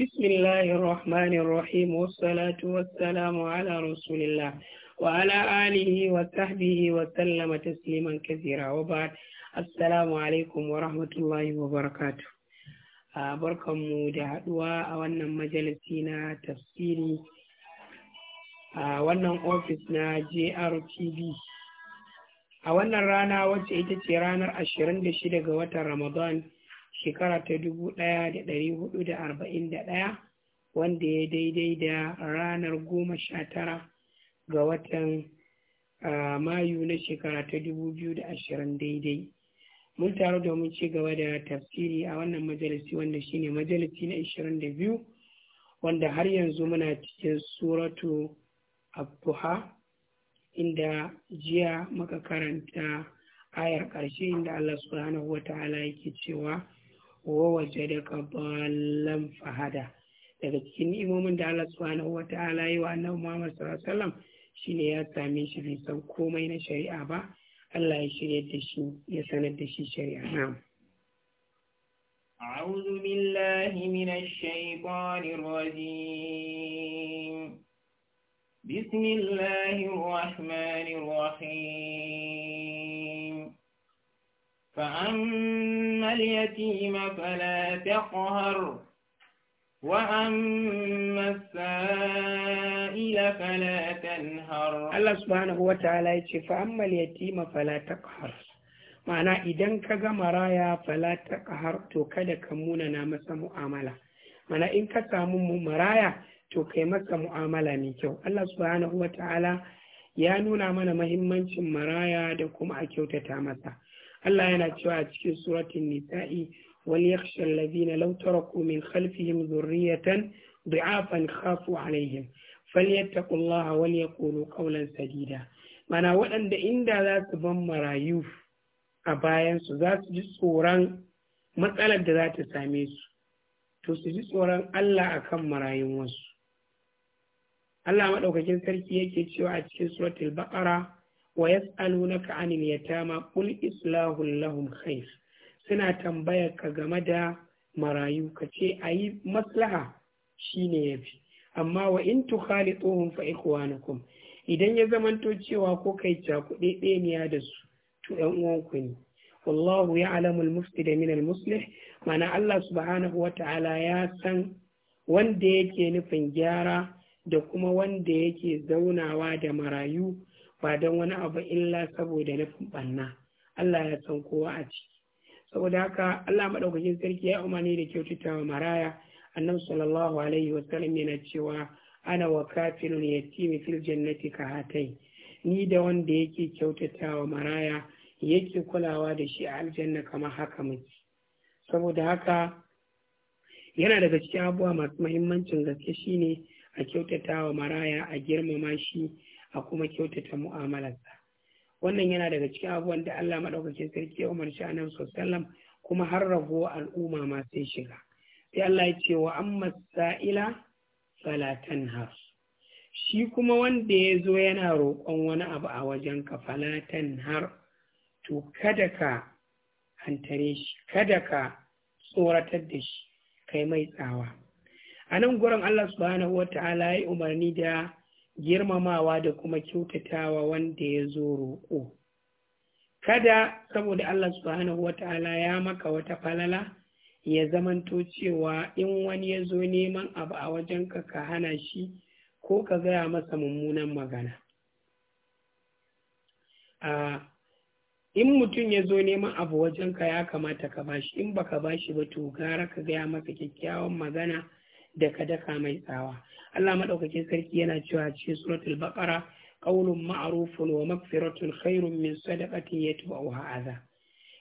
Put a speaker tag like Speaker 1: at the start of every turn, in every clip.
Speaker 1: بسم الله الرحمن الرحيم والصلاة والسلام على رسول الله وعلى آله وصحبه وسلم تسليما كثيرا وبعد السلام عليكم ورحمة الله وبركاته بركم mu da haɗuwa تفسيري wannan أوفيسنا جي آر تي بي ofis na JRTV a wannan rana wacce ita ce ranar 26 ga watan Ramadan shekara ta dubu ɗaya da ɗari hudu da arba'in da ɗaya wanda ya daidai da ranar goma sha tara ga watan mayu na shekara ta dubu biyu da ashirin daidai mun taru domin ci gaba da tafsiri a wannan majalisi wanda shine majalisi na ashirin da biyu wanda har yanzu muna cikin suratu abduha inda jiya muka karanta ayar ƙarshe inda Allah subhanahu wa ta'ala yake cewa wajadaka ballan fahada daga cikin ni'imomin da Allah subhanahu wa ta'ala yi wa annabi Muhammad sallallahu alaihi wasallam shine ya same shi bai san komai na shari'a ba Allah ya shirya da shi ya sanar da shi shari'a na'am أعوذ بالله من الشيطان الرجيم بسم الله الرحمن الرحيم فأما اليتيم فلا تقهر وأما السائل فلا تنهر الله سبحانه وتعالى يقول فأما اليتيم فلا تقهر ma'ana idan ka ga maraya fala ta to kada ka munana masa mu'amala mana in ka samu maraya to kai masa mu'amala mai kyau Allah subhanahu wa ta'ala ya nuna mana mahimmancin maraya da kuma a kyautata masa Allah yana cewa a cikin suratun nisa'i wani wal yakhsha na law taraku min khalfihim dhurriyatan du'afan khafu alaihim wani ya yaqulu qawlan sadida mana waɗanda inda za su ban marayu a bayansu za su ji tsoron matsalar da za ta same su to su ji tsoron Allah akan marayun wasu Allah maɗaukakin sarki yake cewa a cikin suratul baqara wa yas'alunaka anil yatama qul islahul lahum khair suna tambayar ka game da marayu ka ce ayi maslaha Shi ya yafi amma wa in tukhalituhum fa ikhwanukum idan ya zamanto cewa ko kai cakuɗe ɗeniya da su to ɗan uwanku ne wallahu ya alamul mufsida min al muslih mana Allah subhanahu wa ta'ala ya san wanda yake nufin gyara da kuma wanda yake zaunawa da marayu ba don wani abu illa saboda nufin ɓanna Allah ya san kowa a ciki saboda haka Allah maɗaukakin sarki ya umarni da kyautata wa maraya annabi sallallahu alaihi wa sallam yana cewa ana wa kafirun yatimi fil jannati ka hatai ni da wanda yake kyautatawa maraya yake kulawa da shi a aljanna kamar haka muke saboda haka yana daga cikin abubuwa masu mahimmancin gaske shine a kyautatawa maraya a girmama shi a kuma kyautata mu'amalarsa wannan yana daga cikin abubuwan da Allah madaukakin sarki ya umarci annabi sallallahu kuma har rago al'umma ma sai shiga sai Allah ya ce wa amma sa'ila salatan has shi kuma wanda ya zo yana roƙon wani abu a wajen ka falatan har to kada ka hantare shi kada ka tsoratar da shi kai mai tsawa a nan gurin Allah subhanahu wa ta'ala ya umarni da girmamawa da kuma kyautatawa wanda ya zo roƙo kada saboda Allah subhanahu ta'ala ya maka wata falala ya zamanto cewa in wani ya zo neman abu a wajenka ka hana shi ko ka gaya masa mummunan magana a in mutum ya zo neman abu wajenka ya kamata ka bashi in baka bashi ba to gara ka gaya masa kyakkyawan magana da ka daka mai tsawa Allah maɗaukakin sarki yana cewa ce suratul baqara qaulun ma'rufun wa magfiratun khairun min sadaqatin yatba'uha adha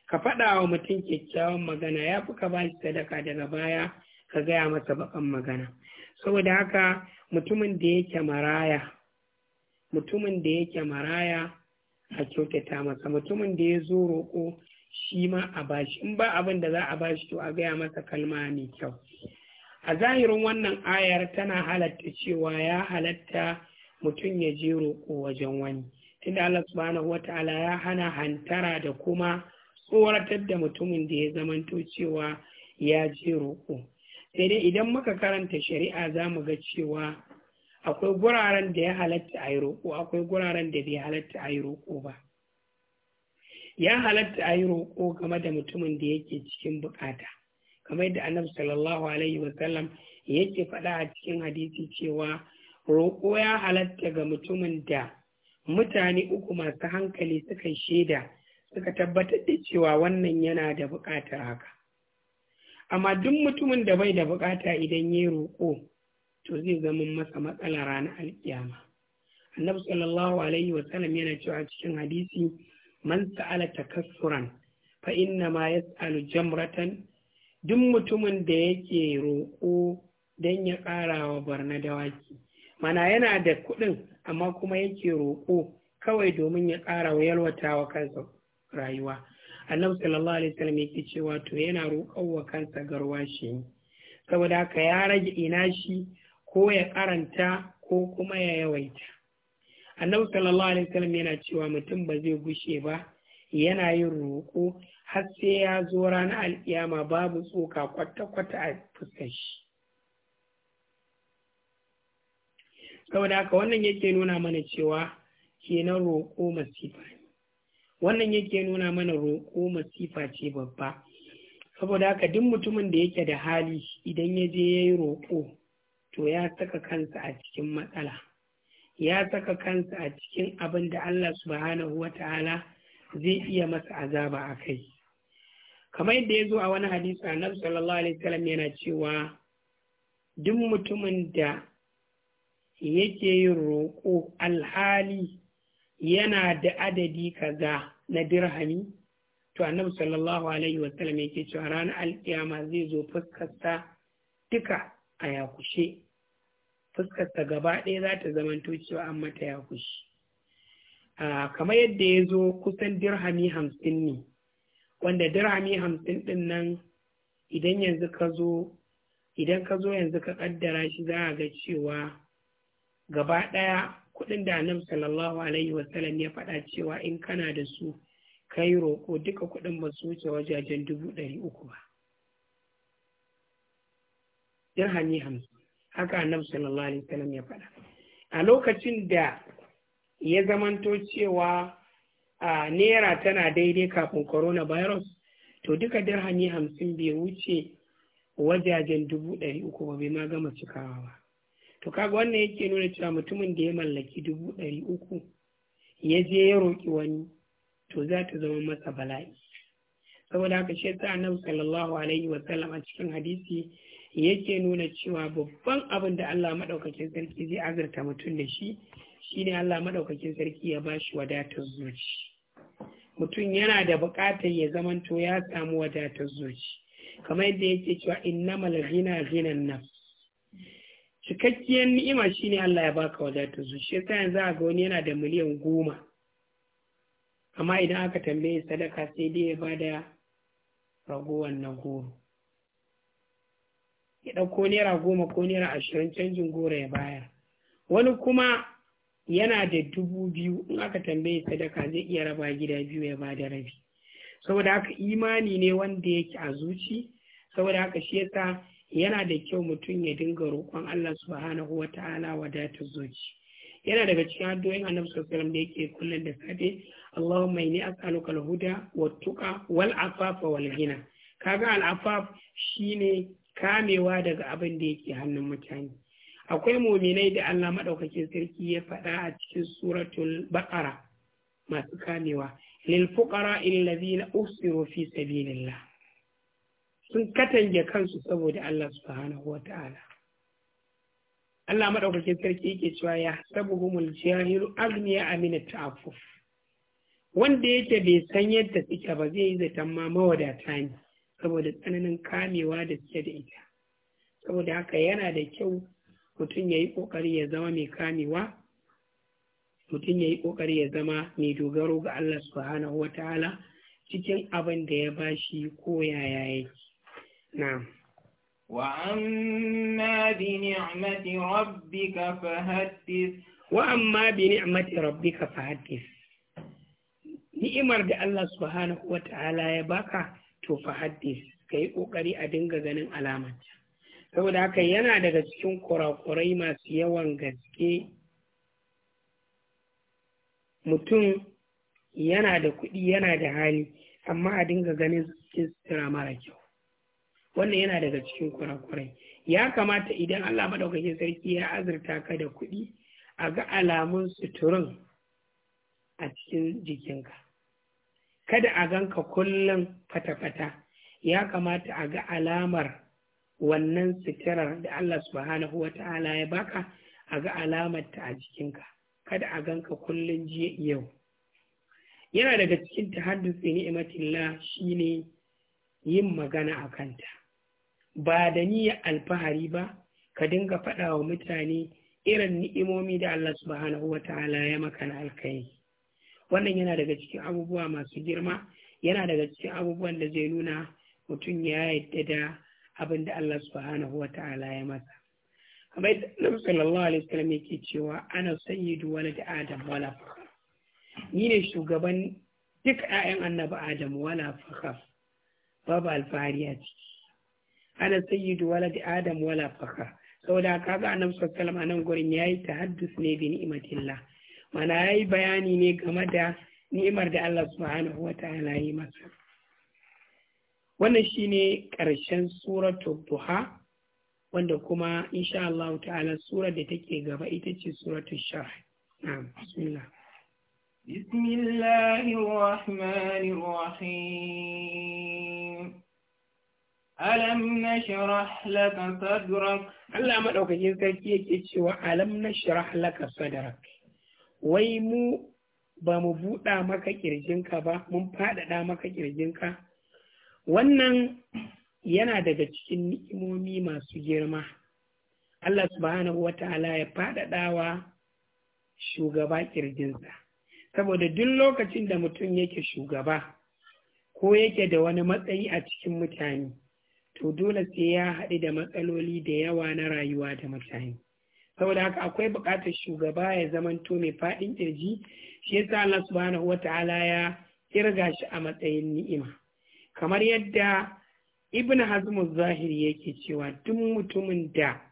Speaker 1: ka faɗa wa mutum kyakkyawan magana ya fi ka bashi sadaka daga baya ka gaya masa bakan magana saboda haka mutumin da yake maraya mutumin da yake maraya a kyautata masa mutumin da ya zo roƙo shi ma a bashi in ba abin da za a bashi to a gaya masa kalma mai kyau a zahirin wannan ayar tana halatta cewa ya halatta mutum ya je roƙo wajen wani tunda Allah subhanahu wata'ala ya hana hantara da kuma tsoratar da mutumin da ya zamanto cewa ya je roƙo sai dai idan muka karanta shari'a za mu ga cewa akwai guraren da ya halatta a yi roƙo akwai guraren da bai halatta a yi roƙo ba ya halatta a yi roƙo game da mutumin da yake cikin bukata kamar da annabi sallallahu alaihi wasallam yake faɗa a cikin hadisi cewa roƙo ya halatta ga mutumin da mutane uku masu hankali suka shaida suka tabbatar da cewa wannan yana da buƙatar haka amma duk mutumin da bai da buƙata idan ya roƙo to zai zama masa matsala ranar alkiyama annabi sallallahu alaihi wasallam yana cewa cikin hadisi man sa'ala takassuran fa inna ma yas'alu jamratan duk mutumin da yake roƙo don ya ƙara wa barna dawaki mana yana da kuɗin amma kuma yake roƙo kawai domin ya ƙara wa yalwata wa kansa rayuwa annabi sallallahu alaihi wasallam yake cewa to yana roƙon wa kansa garwashi ne saboda haka ya rage ina shi ko ya karanta ko kuma ya yawaita annabi sallallahu alaihi wasallam yana cewa mutum ba zai gushe ba yana yin roƙo har sai ya zo ranar al'iyama babu tsoka kwata-kwata a fuskar shi saboda haka wannan yake nuna mana cewa kenan roƙo masifa ne wannan yake nuna mana roƙo masifa ce babba saboda haka duk mutumin da yake da hali idan ya je ya yi roƙo to ya saka kansa a cikin matsala ya saka kansa a cikin abin da Allah subhanahu wa ta'ala zai iya masa azaba a kai kamar yadda ya zo a wani hadisi na sallallahu alaihi wasallam yana cewa duk mutumin da yake yin roƙo alhali yana da adadi kaza na dirhami to annabi sallallahu alaihi wasallam yake cewa ranar alƙiyama zai zo fuskarsa duka a yakushe fuskarsa gaba ɗaya za ta zamanto cewa an mata yakushe kamar yadda ya zo kusan dirhami hamsin ne wanda dirhami hamsin ɗin nan idan yanzu ka zo idan ka zo yanzu ka ƙaddara shi za a ga cewa gaba ɗaya kuɗin da annabi sallallahu alaihi wasallam ya faɗa cewa in kana da su kai roƙo duka kuɗin ba su wuce wajajen dubu ɗari uku ba dirhami hamsin haka annabi sallallahu alaihi wasallam ya faɗa a lokacin da ya zamanto cewa a naira tana daidai kafin corona virus? to duka darhani hamsin bai wuce wajajen dubu ɗari uku ba bai ma gama cikawa ba to kaga wannan yake nuna cewa mutumin da ya mallaki dubu ɗari uku ya je ya roƙi wani to za ta zama masa bala'i saboda haka shi yasa annabi sallallahu alaihi wa sallam a cikin hadisi yake nuna cewa babban abin da Allah maɗaukacin sarki zai azurta mutum da shi shine Allah madaukakin sarki ya bashi wadatar zuci mutum yana da buƙatar ya zamanto ya samu wadatar zuci kamar yadda yake cewa innamal ghina ghinan nafs cikakkiyar ni'ima shine Allah ya baka wadatar zuci yasa yanzu a ga wani yana da miliyan goma amma idan aka tambaye sadaka sai dai ya bada ragowar na goro ya ɗauko naira goma ko naira ashirin canjin goro ya bayar wani kuma yana da dubu biyu in aka tambaye sadaka zai iya raba gida biyu ya ba da rabi saboda haka imani ne wanda yake a zuci saboda haka shi yasa yana da kyau mutum ya dinga roƙon Allah subhanahu wa ta'ala wadatar zuci yana daga cikin addu'o'in annabi sallallahu alaihi da yake kullum da safe Allahumma inni as'aluka al-huda wa tuqa wal-afafa wal-ghina kaga al-afaf shine kamewa daga abin da yake hannun mutane akwai muminai da Allah maɗaukakin sarki ya faɗa a cikin suratul baƙara masu kamewa lil fuqara illazina usiru fi sabilillah sun katange kansu saboda Allah subhanahu wata'ala Allah maɗaukakin sarki yake cewa ya sabuhumul jahilu agniya amina ta'affuf wanda yake bai san yadda suke ba zai yi zaton ma mawadata ne saboda tsananin kamewa da suke da ita saboda haka yana da kyau mutum ya yi ƙoƙari ya zama mai kamewa mutum ya yi ƙoƙari ya zama mai dogaro ga Allah subhanahu wa ta'ala cikin abin da ya ba shi ko yaya Wa na'am وأما amma ربك فحدث وأما بنعمة ربك ni'imar da Allah subhanahu wa ta'ala ya baka to fa ka kai ƙoƙari a dinga ganin alamanta saboda haka yana daga cikin kurakurai masu yawan gaske mutum yana da kuɗi yana da hali amma a dinga ganin sutura mara kyau wannan yana daga cikin kurakurai ya kamata idan allah maɗaukakin sarki ya azurta ka da kuɗi a ga alamun suturin a cikin jikinka kada a ganka kullum fata-fata ya kamata a ga alamar wannan sitirar da Allah subhanahu wa ta'ala ya baka a ga alamarta a jikinka kada a ganka kullum jiya yau yana daga cikin tahaddusi ni'imatillah shine yin magana a kanta ba da niyyar alfahari ba ka dinga faɗa wa mutane irin ni'imomi da Allah subhanahu wa ta'ala ya maka na alkai wannan yana daga cikin abubuwa masu girma yana daga cikin abubuwan da zai nuna mutum ya yadda da abin da Allah subhanahu wa ta'ala ya masa da Nabi sallallahu alaihi wasallam yake cewa ana sayyidu walad adam wala fakhar ni ne shugaban duk ƴaƴan annabi adam wala fakhar babu alfahari a ciki ana sayyidu walad adam wala fakhar saboda ga annabi sallallahu alaihi wasallam a nan gurin yayi tahaddus ne bi ni'matillah mana yayi bayani ne game da ni'imar da Allah subhanahu wa ta'ala ya masa wannan shine ƙarshen suratu duha wanda kuma insha Allah ta'ala surar da take gaba ita ce suratul sharh na'am bismillah بسم الله الرحمن الرحيم ألم نشرح لك صدرك الله ما yake cewa alam nashrah laka sadrak wai mu ba mu buɗa maka kirjinka ba mun faɗaɗa maka kirjinka wannan yana daga cikin ni'imomi masu girma Allah subhanahu wa ta'ala ya faɗaɗawa shugaba ƙirjinsa saboda duk lokacin da mutum yake shugaba ko yake da wani matsayi a cikin mutane to dole sai ya haɗu da matsaloli da yawa na rayuwa da mutane saboda haka akwai buƙatar shugaba ya zamanto mai faɗin ƙirji shi yasa Allah subhanahu wa ta'ala ya kirga shi a matsayin ni'ima kamar yadda ibn hazm zahiri yake cewa duk mutumin da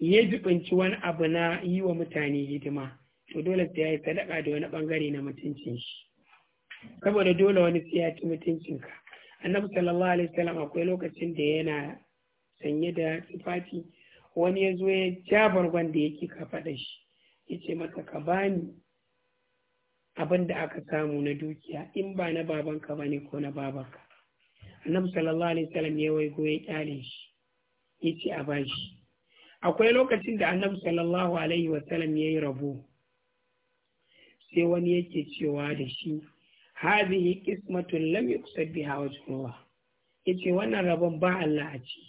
Speaker 1: ya jibinci wani abu na yi wa mutane hidima to dole sai ya sadaka da wani bangare na mutuncin shi saboda dole wani sai ya ci mutuncinka annabi sallallahu alaihi wasallam akwai lokacin da yana sanye da tufafi wani ya zo ya ja bargon da yake ka faɗa shi ya ce masa ka bani abin da aka samu na dukiya in ba na babanka ba ne ko na babanka annabi sallallahu alaihi wasallam ya wai ya kyale shi ya ce a bashi akwai lokacin da annabi sallallahu alaihi wasallam ya yi rabo sai wani yake cewa da shi hadhihi qismatun lam yuqsad biha wajhullah yace wannan rabon ba Allah a ci.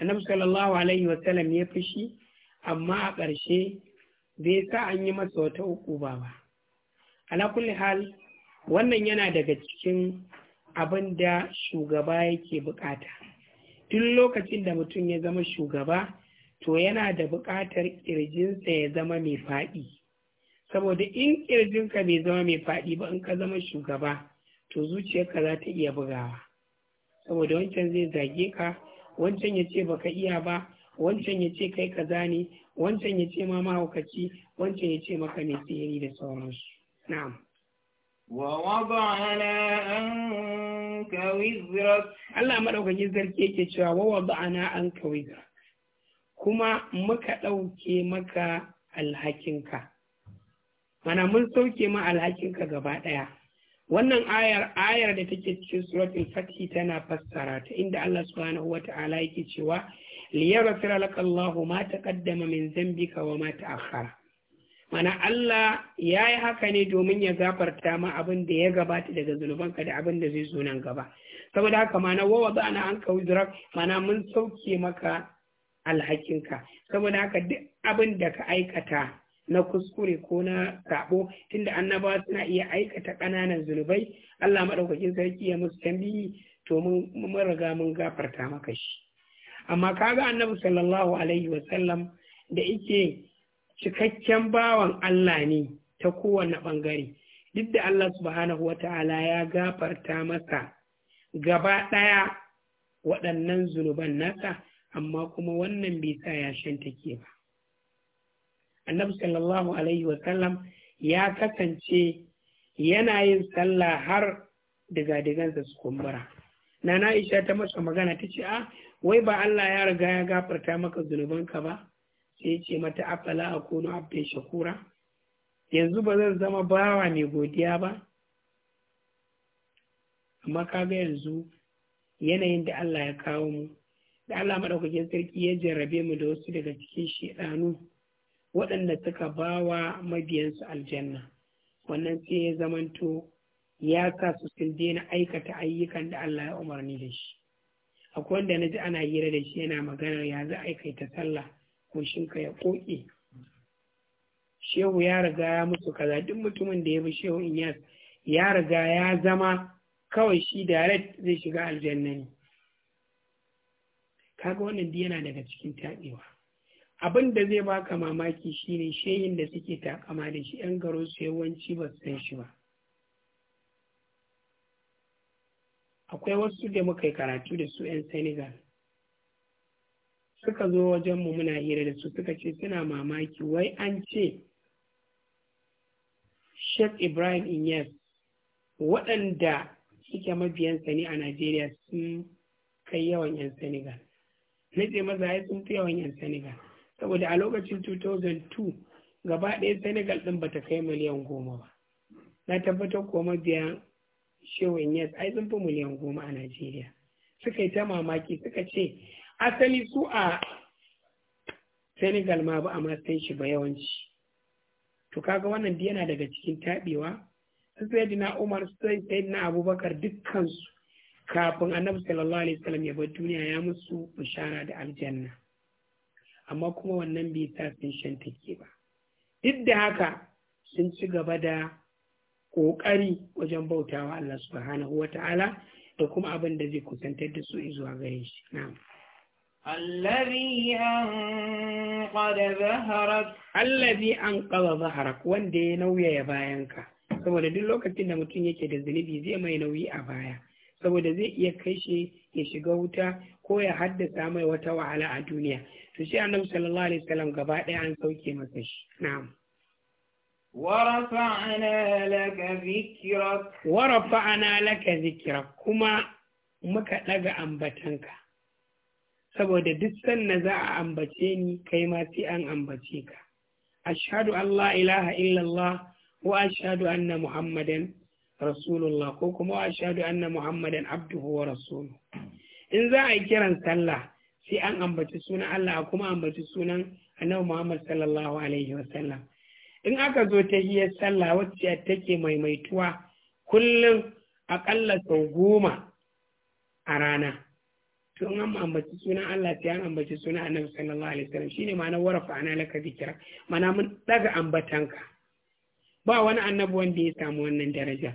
Speaker 1: annabi sallallahu alaihi wasallam ya fishi amma a ƙarshe bai sa an yi masa wata uku ba ba ala kulli hal wannan yana daga cikin abin da shugaba yake bukata duk lokacin da mutum ya zama shugaba to yana da buƙatar ƙirjinsa ya zama mai faɗi saboda in ƙirjinka bai zama mai faɗi ba in ka zama shugaba to zuciyarka za ta iya bugawa saboda wancan zai zage ka wancan ya ce baka iya ba wancan ya ce kai kaza ne wancan ya ce ma mahaukaci wancan ya ce maka mai sihiri da sauransu na'am ووضعنا عنك وزرك Allah madaukakin sarki yake cewa wa ana an ka wizra kuma muka ɗauke maka alhakinka mana mun sauke ma gaba ɗaya wannan ayar ayar da take cikin suratul fathi tana fassara ta inda Allah subhanahu wata'ala yake cewa liyaghfira laka Allahu ma taqaddama min dhanbika wa ma ta'akhkhara mana Allah ya yi haka ne domin ya gafarta ma abin da ya gabata daga zunubanka da abin da zai zo nan gaba saboda haka mana wawa za na an kawuzurar mana mun sauke maka alhakinka saboda haka duk abin da ka aikata na kuskure ko na sabo tunda annabawa suna iya aikata ƙananan zunubai Allah maɗaukakin sarki ya musu tambayi to mun riga mun gafarta maka shi amma kaga annabi sallallahu alaihi wasallam da yake cikakken bawan Allah ne ta kowane ɓangare duk da Allah subhanahu wa ta'ala ya gafarta masa gaba ɗaya waɗannan zunuban nasa amma kuma wannan bai sa ya take ba annabi sallallahu alaihi wasallam ya kasance yana yin sallah har diga-digansa su kumbura nana aisha ta masa magana ta ce a ah, wai ba Allah ya riga ya gafarta maka zunubanka ba sai ce mata afala a kono abin shakura yanzu ba zan zama bawa mai godiya ba amma kaga yanzu yanayin da Allah ya kawo mu da Allah maɗaukakin sarki ya jarrabe mu da wasu daga cikin shiɗanu waɗanda suka bawa mabiyansu aljanna wannan sai ya zamanto ya sa su sun daina aikata ayyukan da Allah ya umarni da shi akwai wanda na ji ana hira da shi yana maganar ya za a aikaita sallah goshinka ya koke shehu ya riga ya musu kaza duk mutumin da ya bi shehu inyas ya riga ya zama kawai shi direct zai shiga aljanna ne kaga wannan duk yana daga cikin taɓewa abin da zai baka mamaki shine shehin da suke takama da shi yan garo su yawanci ba su san shi ba akwai wasu da muka yi karatu da su yan senegal suka zo wajenmu muna hira da su suka ce suna mamaki wai an ce Sheikh Ibrahim Inyas waɗanda suke mabiyansa ne a Najeriya sun kai yawan 'yan Senegal. Na ce maza ya sun fi yawan 'yan Senegal. Saboda a lokacin 2002 gaba ɗaya Senegal ɗin bata kai miliyan goma ba. Na tabbatar kuwa mabiya Shehu Inyas ai sun fi miliyan goma a Najeriya. Suka yi ta mamaki suka ce asali su a senegal ma ba a ma san shi ba yawanci to kaga wannan duk yana daga cikin taɓewa su sayyidina umar su na abubakar dukkansu kafin annabi sallallahu alaihi wasallam ya bar duniya ya musu bishara da aljanna amma kuma wannan bai sa sun ke ba duk da haka sun ci gaba da ƙoƙari wajen bautawa Allah subhanahu wa ta'ala da kuma abin da zai kusantar da su zuwa gare shi na'am Allazi anqada zaharak Allazi anqada zaharak wanda ya nauyaya bayanka saboda duk lokacin da mutum yake da zunubi zai mai nauyi a baya saboda zai iya kai shi ya shiga wuta ko ya haddasa mai wata wahala a duniya to shi annabi sallallahu alaihi wasallam gaba ɗaya an sauke masa shi na'am ورفعنا لك ذكرك ورفعنا لك ذكرك kuma muka ɗaga ambatanka saboda duk sanna za a ambace ni kai ma sai an ambace ka ashhadu an la ilaha illallah wa ashhadu anna muhammadan rasulullah ko kuma wa ashhadu anna muhammadan abduhu wa rasuluhu in za a yi kiran sallah sai an ambaci sunan Allah a kuma ambaci sunan annabi Muhammad sallallahu alaihi wa sallam in aka zo ta hiyar sallah wacce take maimaituwa kullum aƙalla sau goma a rana to an ambaci sunan Allah sai yana mamaci sunan Annabi sallallahu alaihi wasallam shine ma'ana warafa ana laka dikira mana mun daga ambatanka ba wani annabi wanda ya samu wannan daraja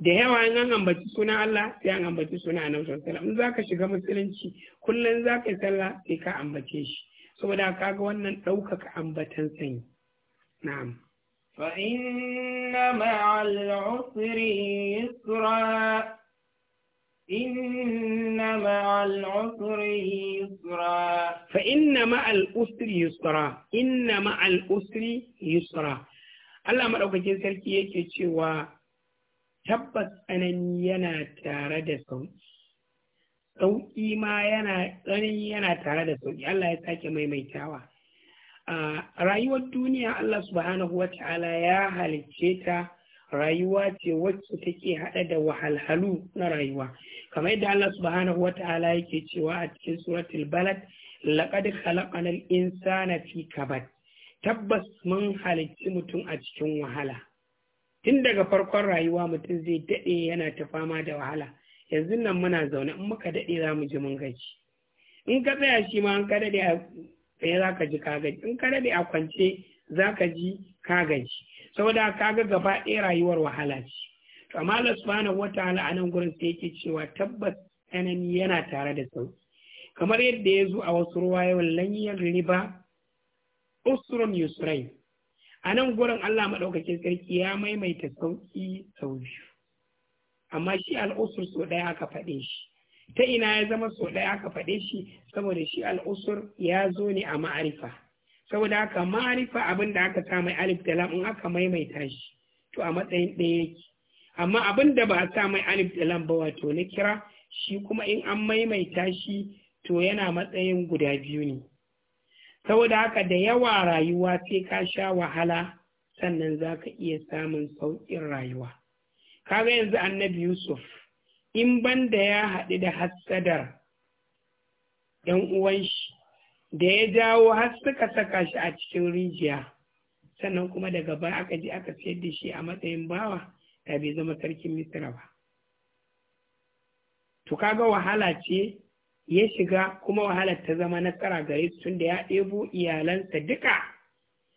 Speaker 1: da yawa in an ambaci sunan Allah sai an ambaci sunan Annabi sallallahu alaihi wasallam in zaka shiga musulunci kullun zaka yi sallah sai ka ambace shi saboda kaga wannan ɗaukaka ambatan sanyi na'am inna ma'al usri Yusra. inna ma'al usri yusra fa inna ma'al usri yusra inna Allah maɗaukakin sarki yake cewa tabbas tsanani yana tare da sauki sauki ma yana tsanani yana tare da sauki Allah ya sake maimaitawa a rayuwar duniya Allah subhanahu wa ta'ala ya halicce ta rayuwa ce wacce take haɗa da wahalhalu na rayuwa kamar yadda Allah subhanahu wa ta'ala yake cewa a cikin suratul balad laqad al insana fi kabad tabbas mun halicci mutum a cikin wahala tun daga farkon rayuwa mutum zai daɗe yana ta fama da wahala yanzu nan muna zaune in muka daɗe za mu ji mun gaji in ka tsaya shi ma in ka dade a tsaye za ka ji ka gaji in ka dade a kwance za ka ji ka gaji saboda ka ga gaba ɗaya rayuwar wahala ce amma Allah subhanahu wataala a nan gurin sai yake cewa tabbas tsanani yana tare da sau kamar yadda ya zo a wasu ruwa ruwayoyin lanyar riba usrun yusrai a nan gurin Allah maɗaukakin sarki ya maimaita sauki sau biyu amma shi al'usur sau ɗaya aka faɗe shi ta ina ya zama sau ɗaya aka faɗe shi saboda shi al'usur ya zo ne a ma'arifa saboda haka ma'arifa abin da aka sa mai alif da lam in aka maimaita shi to a matsayin ɗaya yake amma abin da ba a sa mai alif da lam ba wato na kira shi kuma in an maimaita shi to yana matsayin guda biyu ne saboda haka da yawa rayuwa sai ka sha wahala sannan za ka iya samun sauƙin rayuwa kaga yanzu annabi yusuf in banda ya haɗu da hassadar ‘yan uwanshi da ya jawo har suka saka shi a cikin rijiya sannan kuma daga baya aka je aka sayar da shi a matsayin bawa da bai zama sarkin misira ba to kaga wahala ce ya shiga kuma wahala ta zama nasara gare su tunda ya ɗebo iyalansa duka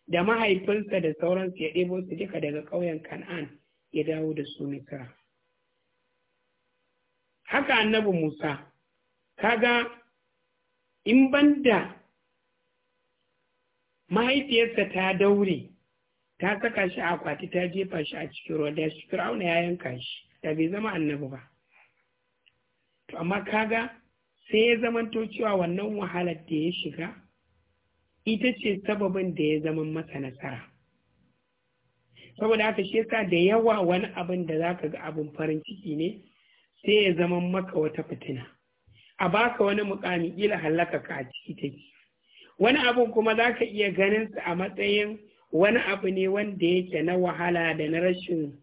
Speaker 1: da mahaifinsa da sauransu ya ɗebo su duka daga ƙauyen kan'an ya dawo da su misira haka annabi musa kaga in banda mahaifiyarsa ta daure ta saka shi a akwati ta jefa shi a cikin ruwa da shi fir'auna ya yanka shi da bai zama annabi ba to amma kaga sai ya zamanto cewa wannan wahalar da ya shiga ita ce sababin da ya zama masa nasara saboda haka shi yasa da yawa wani abin da zaka ga abin farin ciki ne sai ya zama maka wata fitina a baka wani mukami ila halaka ka a ciki take wani abin kuma zaka iya ganin sa a matsayin wani abu ne wanda yake na wahala da na rashin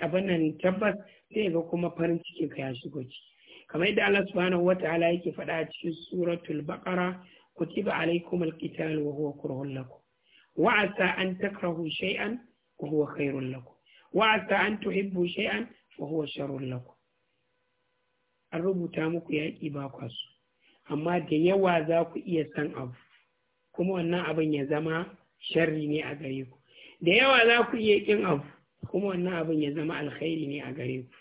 Speaker 1: abinan tabbas zai ga kuma farin ciki ka ya shigo ci kamar yadda Allah subhanahu wata'ala yake faɗa a cikin suratul baqara kutiba alaikum alqital wa huwa kurhun lakum wa asa an takrahu shay'an wa huwa khairun lakum wa asa an tuhibbu shay'an wa huwa sharrun lakum an rubuta muku yaƙi ba kwasu amma da yawa za ku iya san abu kuma wannan abin ya zama sharri ne a gare ku da yawa za ku iya kin abu kuma wannan abin ya zama alkhairi ne a gare ku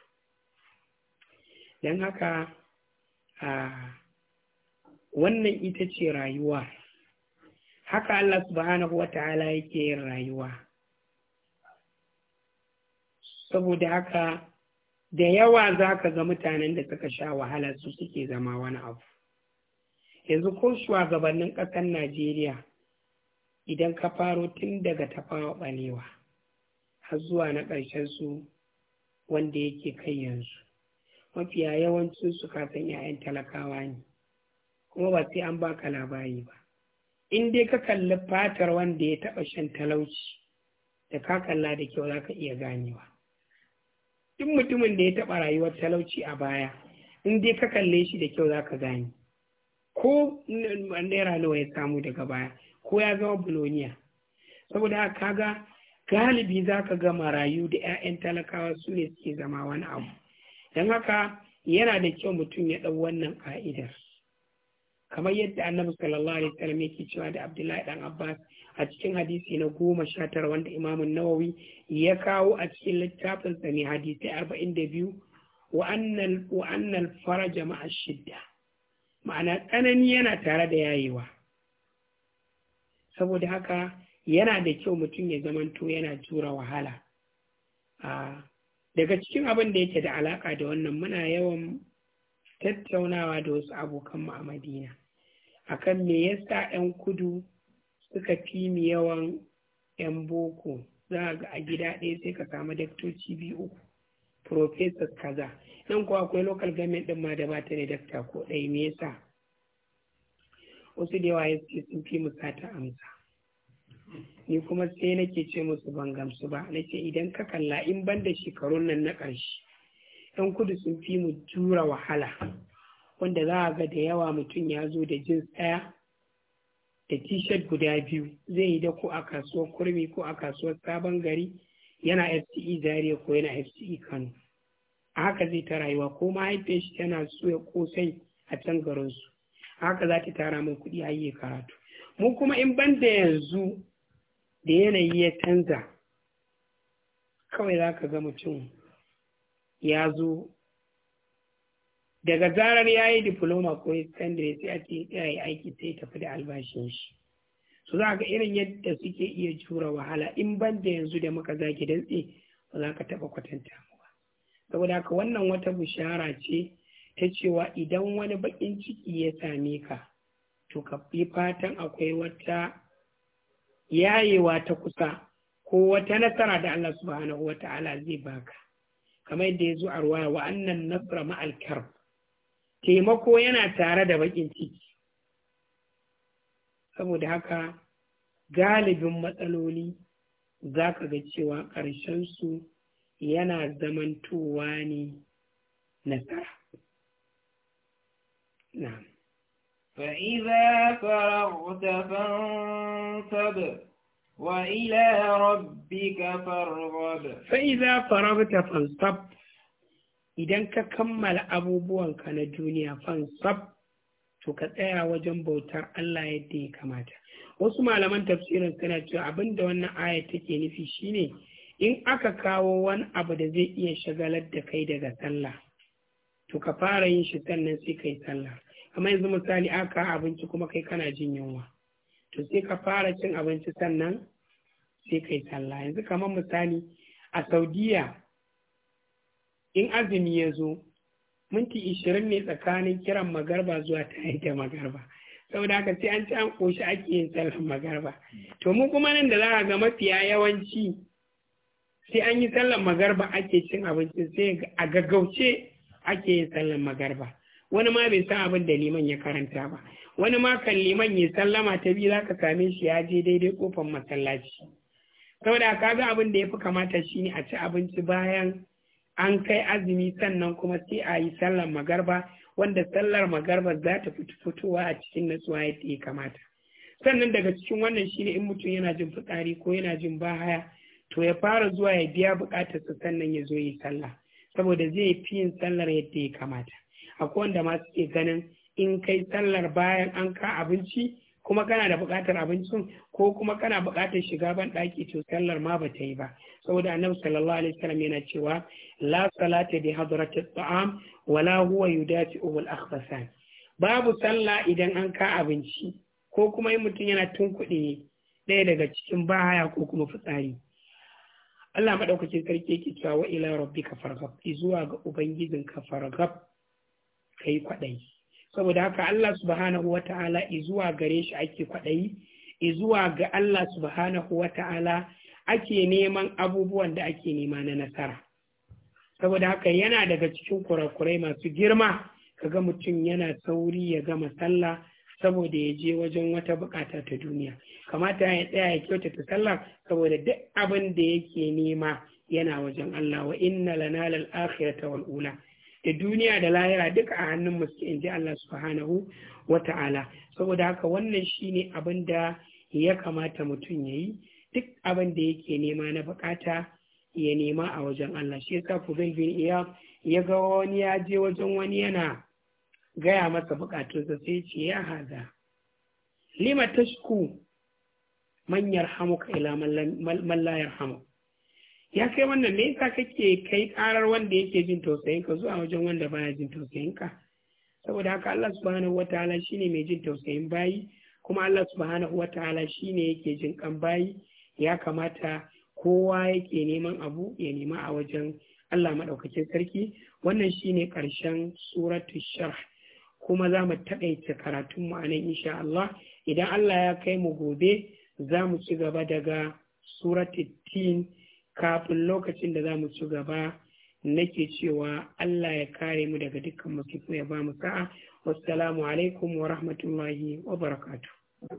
Speaker 1: don haka a wannan ita ce rayuwa haka Allah subhanahu wa ta'ala yake yin rayuwa saboda haka da yawa za ka ga mutanen da suka sha wahala su suke zama wani abu yanzu ko shugabannin ƙasar najeriya idan ka faro tun daga fara ɓalewa har zuwa na ƙarshen su wanda yake kai yanzu mafiya yawancin su kasan 'ya'yan talakawa ne kuma ba sai an baka labari ba in dai ka kalli fatar wanda ya taɓa shan talauci da ka kalla da kyau za ka iya ganewa duk mutumin da ya taɓa rayuwar talauci a baya in dai ka kalle shi da kyau za ka gane ko naira nawa ya samu daga baya ko ya zama buloniya saboda haka kaga galibi za ka ga marayu da 'ya'yan talakawa su ne suke zama wani abu don haka yana da kyau mutum ya ɗau wannan ka'idar kamar yadda annabi sallallahu alaihi wasallam yake cewa da abdullahi dan abbas a cikin hadisi na goma sha tara wanda imamun nawawi ya kawo a cikin littafin sa ne hadisai arba'in da biyu wa'annan fara faraja ma'a shidda ma'ana tsanani yana tare da yayewa saboda haka yana da kyau mutum ya zamanto yana tura wahala daga cikin abin da yake da alaka da wannan muna yawan tattaunawa da wasu abokanmu a madina akan me yasa 'yan kudu suka fi mu yawan 'yan boko za ga a gida ɗaya sai ka samu daktoci biyu uku professors kaza nan kuwa akwai local government ɗin ma da ba ta ne dakta ko ɗaya me yasa wasu da yawa ya sun fi mu sata amsa ni kuma sai nake ce musu ban gamsu ba nake idan ka kalla in ban da shekarun nan na ƙarshe yan kudu sun fi mu jura wahala wanda za a ga da yawa mutum ya zo da jinsaya tsaya da t-shirt guda biyu zai yi da ko a kasuwar kurmi ko a kasuwar sabon gari yana fce zaria ko yana fce kano a haka zai ta rayuwa ko mahaifiyar shi tana so ya kosai a can garinsu haka za ta tara mun kuɗi ayi yi karatu mu kuma in ban da yanzu da yanayi ya canza kawai za ka ga mutum ya zo daga zarar ya yi diploma ko ya secondary sai a ce ya yi aiki sai tafi da albashin shi su za ga irin yadda suke iya jura wahala in ban da yanzu da muka zaki dantse ba za ka taɓa kwatanta mu ba saboda haka wannan wata bishara ce ta cewa idan wani bakin ciki ya same ka to ka fi fatan akwai wata yayewa ta kusa ko wata nasara da Allah subhanahu wa ta'ala zai baka kamar yadda ya zo a ruwaya wa annan nasra ma'al taimako yana tare da bakin ciki saboda haka galibin matsaloli za ka ga cewa su yana zamantowa ne nasara نعم فإذا فرغت فانصب وإلى ربك فارغب فإذا فرغت فانصب idan ka kammala ka na duniya fansab to ka tsaya wajen bautar Allah yadda ya kamata wasu malaman tafsirin suna cewa abinda da wannan aya take nufi shine in aka kawo wani abu da zai iya shagalar da kai daga sallah to ka fara yin shi sannan sai kai sallah amma yanzu misali aka abinci kuma kai kana jin yunwa to sai ka fara cin abinci sannan sai kai sallah yanzu kamar misali a saudiya in azumi ya zo minti ishirin ne tsakanin kiran magarba zuwa ta da magarba saboda haka sai an ci an koshi ake yin sallar magarba to mu kuma nan da za a ga mafiya yawanci sai an yi sallar magarba ake cin abinci sai a gaggauce ake yin sallan magarba wani ma bai san abin da liman ya karanta ba wani ma kan liman ya sallama ta biyu zaka same shi ya je daidai kofar masallaci saboda ga abin da ya fi kamata shine a ci abinci bayan an kai azumi sannan kuma sai a yi sallar magarba wanda sallar magarba za ta fitowa a cikin natsuwa yadda ya kamata sannan daga cikin wannan shine in mutum yana jin fitsari ko yana jin bahaya to ya fara zuwa ya biya bukatarsa sannan ya zo yi sallah saboda zai fi yin sallar yadda ya kamata akwai wanda ma suke ganin in kai sallar bayan an ka abinci kuma kana da buƙatar abincin ko kuma kana buƙatar shiga ban ɗaki to sallar ma bata yi ba saboda annabi sallallahu alaihi wasallam yana cewa la salata bi hadratit ta'am wala huwa yudafi'u al-akhbasan babu sallah idan an ka abinci ko kuma in mutum yana tun kuɗi ɗaya daga cikin bahaya ko kuma fitsari Allah maɗaukacin sarki yake cewa wa ila rabbika farghab zuwa ga ubangijin ka farghab kai kwaɗayi saboda haka Allah subhanahu wata'ala zuwa gare shi ake kwaɗayi zuwa ga Allah subhanahu wata'ala ake neman abubuwan da ake nema na nasara saboda haka yana daga cikin kurakurai masu girma kaga mutum yana sauri ya gama sallah saboda ya je wajen wata bukata ta duniya kamata ya tsaya ya kyautata sallah saboda duk abin da yake nema yana wajen Allah wa inna lana lal akhirata wal ula da duniya da lahira duka a hannun mu suke inji Allah subhanahu wa ta'ala saboda haka wannan shine abin da ya kamata mutum yayi duk abin da yake nema na bukata ya nema a wajen Allah shi yasa ku bin Iyad ya ga wani ya je wajen wani yana gaya masa bukatunsa sai ce ya haza lima tashku man yarhamuka ila man la ya kai wannan me yasa kake kai karar wanda yake jin tausayin ka zuwa wajen wanda baya jin tausayin ka saboda haka Allah subhanahu wataala shine mai jin tausayin bayi kuma Allah subhanahu wataala shine yake jin kan bayi ya kamata kowa yake neman abu ya nema a wajen Allah maɗaukakin sarki wannan shine karshen suratul sharh kuma za mu taƙaice karatunmu a nan insha Allah idan Allah ya kai mu gobe za mu ci gaba daga suratittin kafin lokacin da za mu ci gaba nake cewa Allah ya kare mu daga dukkan musifu ya ba mu sa'a wassalamu alaikum wa rahmatullahi wa barakatu.